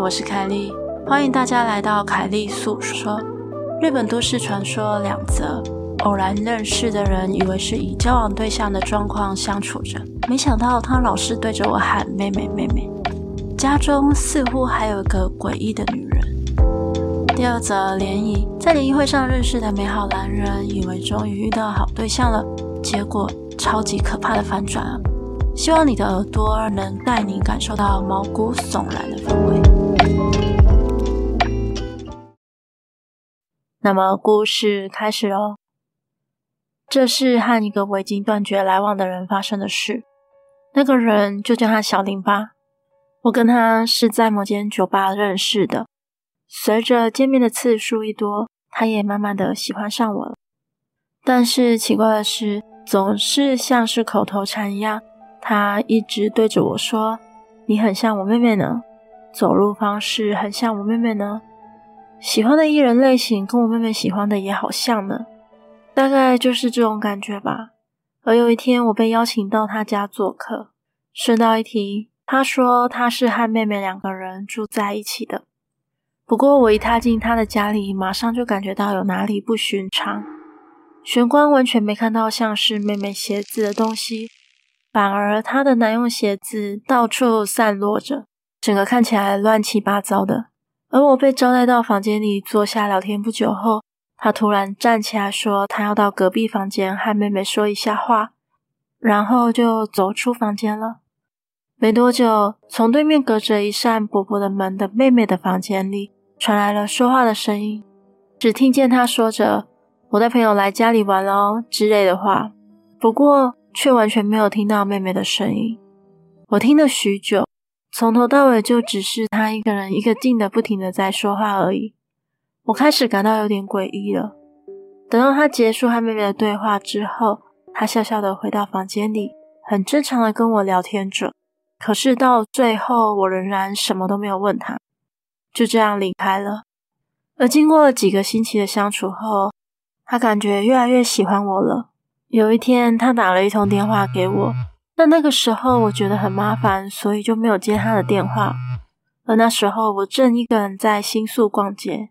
我是凱莉，歡迎大家來到凱莉粟說說。日本都市傳說兩則：偶然認識的人以為是以交往對象的狀況相處着，沒想到他老是對着我喊“妹妹，妹妹”。家中似乎還有一個詭異的女人。第二則聯誼，在聯誼會上認識的美好男人，以為終於遇到好對象了，結果超級可怕的反轉。希望你的耳朵能帶你感受到毛骨悚然的氛圍。那麼故事開始嘍。這是和一個我已經斷絕來往的人發生的事。那個人就叫他小林吧。我跟他是在某間酒吧認識的。隨着見面的次數一多，他也慢慢的喜歡上我了。但是奇怪的是，總是像是口頭禪一樣，他一直對着我說：“你很像我妹妹呢，走路方式很像我妹妹呢。”喜歡的藝人類型跟我妹妹喜歡的也好像呢，大概就是這種感覺吧。而有一天，我被邀請到他家做客。順道一提，他說他是和妹妹兩個人住在一起的。不過，我一踏進他的家裡，馬上就感覺到有哪裡不尋常。玄關完全沒看到像是妹妹鞋子的東西，反而他的男用鞋子到處散落着，整個看起來亂七八糟的。而我被招待到房間裡坐下聊天不久後，他突然站起來說：“他要到隔壁房間和妹妹說一下話。”然後就走出房間了。沒多久，從對面隔着一扇薄薄的門的妹妹的房間裡傳來了說話的聲音，只聽見他說着“我帶朋友來家裡玩哦”之類的話，不過卻完全沒有聽到妹妹的聲音。我聽了許久。從頭到尾就只是他一個人，一個勁的不停的在說話而已。我開始感到有點詭異了。等到他結束和妹妹的對話之後，他笑笑的回到房間裡，很正常的跟我聊天着。可是到最後，我仍然什麼都沒有問他，就這樣離開了。而經過了幾個星期的相處後，他感覺越來越喜歡我了。有一天，他打了一通電話給我。但那個時候，我覺得很麻煩，所以就沒有接他的電話。而那時候，我正一個人在新宿逛街。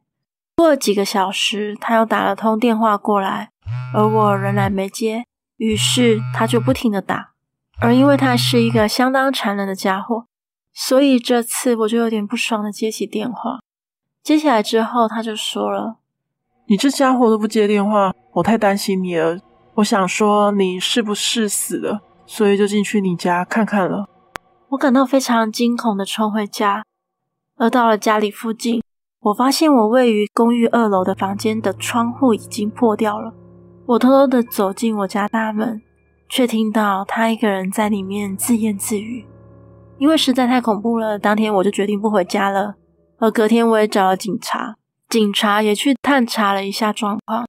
過了幾個小時，他又打了通電話過來，而我仍然沒接。於是他就不停的打。而因為他是一個相當殘忍的家伙，所以這次我就有點不爽的接起電話。接起來之後，他就說了：“你這家伙都不接電話，我太擔心你了。我想說，你是不是死了？”所以就進去你家看看了。我感到非常驚恐的衝回家，而到了家裡附近，我發現我位於公寓二樓的房間的窗戶已經破掉了。我偷偷的走進我家大門，卻聽到他一個人在裡面自言自語。因為實在太恐怖了，當天我就決定不回家了。而隔天我也找了警察，警察也去探查了一下狀況，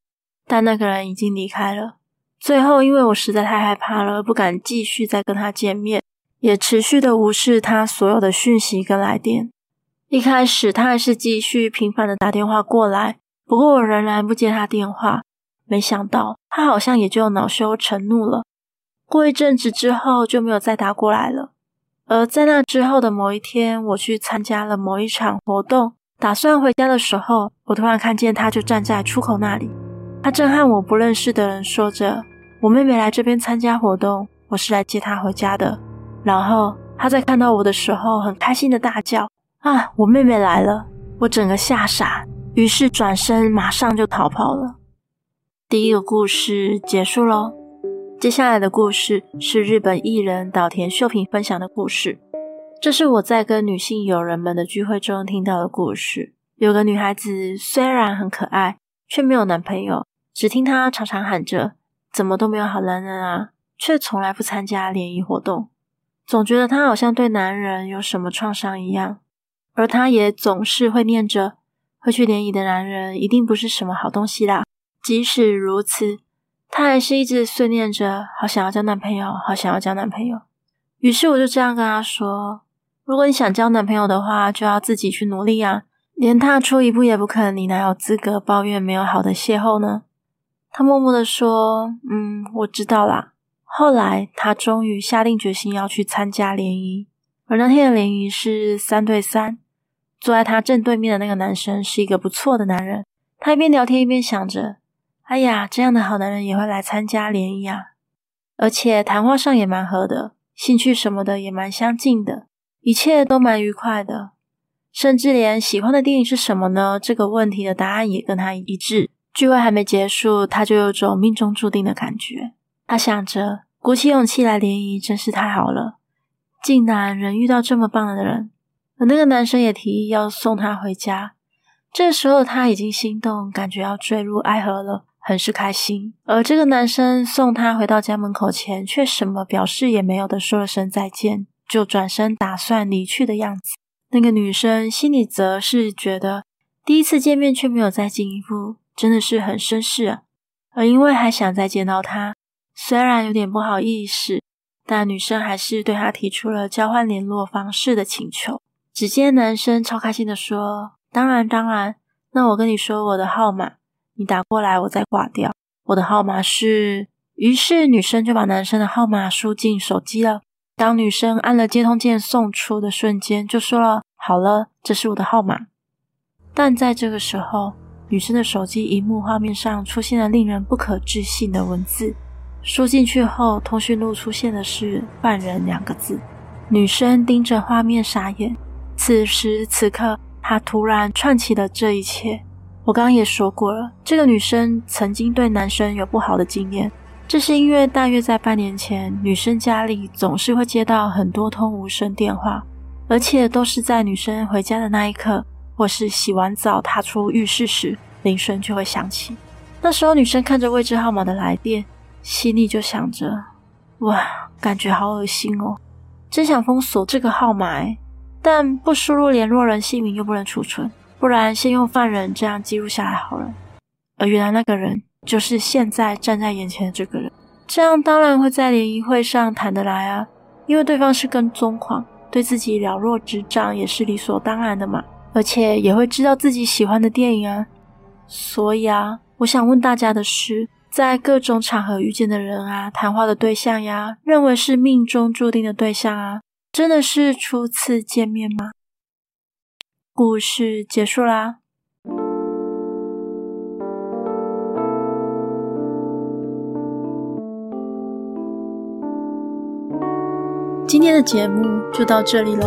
但那個人已經離開了。最後，因為我實在太害怕了，不敢繼續再跟他見面，也持續的無視他所有的訊息跟來電。一開始，他還是繼續頻繁的打電話過來，不過我仍然不接他電話。沒想到，他好像也就惱羞成怒了。過一陣子之後，就沒有再打過來了。而在那之後的某一天，我去參加了某一場活動，打算回家的時候，我突然看見他就站在出口那裡，他正和我不認識的人說着。我妹妹來這邊參加活動，我是來接她回家的。然後她在看到我的時候，很開心的大叫：“啊，我妹妹來了！”我整個嚇傻，於是轉身馬上就逃跑了。第一個故事結束嘍。接下來的故事是日本藝人島田秀平分享的故事。這是我在跟女性友人們的聚會中聽到的故事。有個女孩子雖然很可愛，卻沒有男朋友，只聽她常常喊着，怎麼都沒有好男人啊，卻從來不參加聯誼活動，總覺得他好像對男人有什麼創傷一樣，而他也總是會念着會去聯誼的男人一定不是什麼好東西啦。即使如此，他還是一直碎念着，好想要交男朋友，好想要交男朋友。於是我就這樣跟他說：如果你想交男朋友的話，就要自己去努力啊，連踏出一步也不肯，你哪有資格抱怨沒有好的邂逅呢？他默默地說：“嗯，我知道啦。”後來，他終於下定決心要去參加聯誼。而那天的聯誼是三對三，坐在他正對面的那個男生是一個不錯的男人。他一邊聊天一邊想着：“哎呀，這樣的好男人也會來參加聯誼啊！而且談話上也蠻合的，興趣什麼的也蠻相近的，一切都蠻愉快的。甚至連喜歡的電影是什麼呢？這個問題的答案也跟他一致。”聚會還沒結束，他就有種命中注定的感覺。他想着，鼓起勇氣來聯誼真是太好了，竟然能遇到這麼棒的人。而那個男生也提議要送她回家。這個時候他已經心動，感覺要墜入愛河了，很是開心。而這個男生送她回到家門口前，卻什麼表示也沒有的說了聲再見，就轉身打算離去的樣子。那個女生心裡則是覺得，第一次見面卻沒有再進一步。真的是很紳士啊，而因為還想再見到他，雖然有點不好意思，但女生還是對他提出了交換聯絡方式的請求。只見男生超開心地說：“當然當然，那我跟你說我的號碼，你打過來我再掛掉。我的號碼是……”於是女生就把男生的號碼輸進手機了。當女生按了接通鍵送出的瞬間，就說了：“好了，這是我的號碼。”但在這個時候，女生的手機熒幕畫面上出現了令人不可置信的文字，輸進去後，通訊錄出現的是“犯人”兩個字。女生盯着畫面傻眼。此時此刻，她突然串起了這一切。我剛也說過了，這個女生曾經對男生有不好的經驗，這是因為大約在半年前，女生家裡總是會接到很多通無聲電話，而且都是在女生回家的那一刻。或是洗完澡踏出浴室時，鈴聲就會響起。那時候女生看着未知號碼的來電，心裡就想着：哇，感覺好噁心哦！真想封鎖這個號碼誒，但不輸入聯絡人姓名又不能儲存，不然先用犯人這樣記錄下來好了。而原來那個人就是現在站在眼前的這個人，這樣當然會在聯誼會上談得來啊，因為對方是跟蹤狂，對自己了若指掌也是理所當然的嘛。而且也會知道自己喜歡的電影啊，所以啊，我想問大家的是，在各種場合遇見的人啊，談話的對象呀，認為是命中注定的對象啊，真的是初次見面嗎？故事結束啦。今天的節目就到這裡嘍。